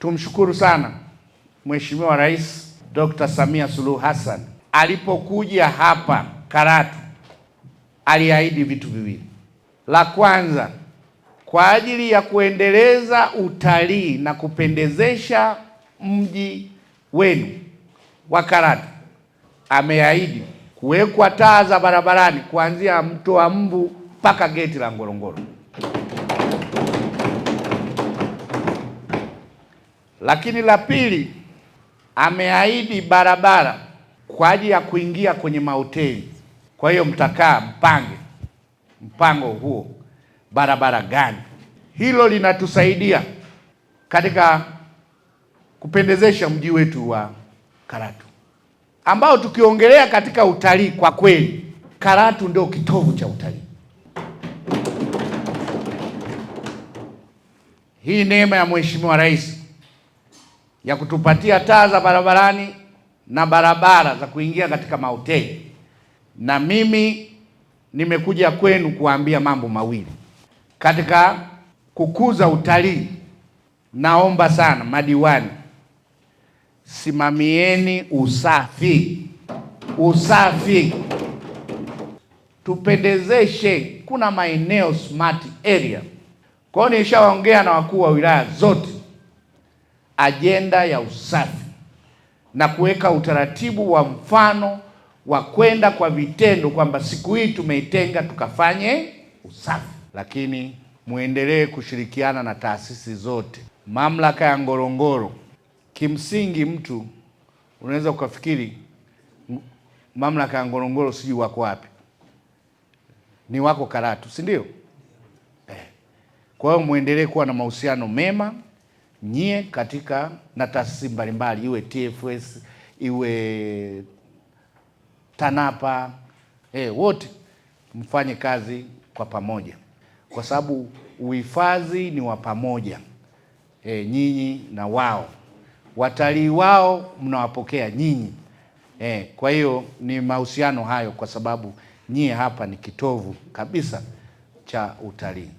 Tumshukuru sana Mheshimiwa Rais Dr. Samia Suluhu Hassan alipokuja hapa Karatu aliahidi vitu viwili. La kwanza kwa ajili ya kuendeleza utalii na kupendezesha mji wenu wa Karatu, ameahidi kuwekwa taa za barabarani kuanzia Mto wa Mbu mpaka geti la Ngorongoro. Lakini la pili, ameahidi barabara kwa ajili ya kuingia kwenye mahoteli. Kwa hiyo mtakaa mpange mpango huo, barabara gani? Hilo linatusaidia katika kupendezesha mji wetu wa Karatu, ambao tukiongelea katika utalii, kwa kweli Karatu ndio kitovu cha utalii. Hii neema ya Mheshimiwa Rais ya kutupatia taa za barabarani na barabara za kuingia katika mahoteli. Na mimi nimekuja kwenu kuambia mambo mawili katika kukuza utalii. Naomba sana madiwani, simamieni usafi. Usafi tupendezeshe, kuna maeneo smart area. Kwa hiyo nishawaongea na wakuu wa wilaya zote ajenda ya usafi na kuweka utaratibu wa mfano wa kwenda kwa vitendo, kwamba siku hii tumeitenga tukafanye usafi. Lakini muendelee kushirikiana na taasisi zote, mamlaka ya Ngorongoro. Kimsingi mtu unaweza ukafikiri mamlaka ya Ngorongoro sijui wako wapi, ni wako Karatu, si ndio? Eh, kwa hiyo muendelee kuwa na mahusiano mema nyie katika na taasisi mbalimbali, iwe TFS iwe TANAPA eh, wote mfanye kazi kwa pamoja, kwa sababu uhifadhi ni wa pamoja eh, nyinyi na wao. Watalii wao mnawapokea nyinyi eh, kwa hiyo ni mahusiano hayo, kwa sababu nyie hapa ni kitovu kabisa cha utalii.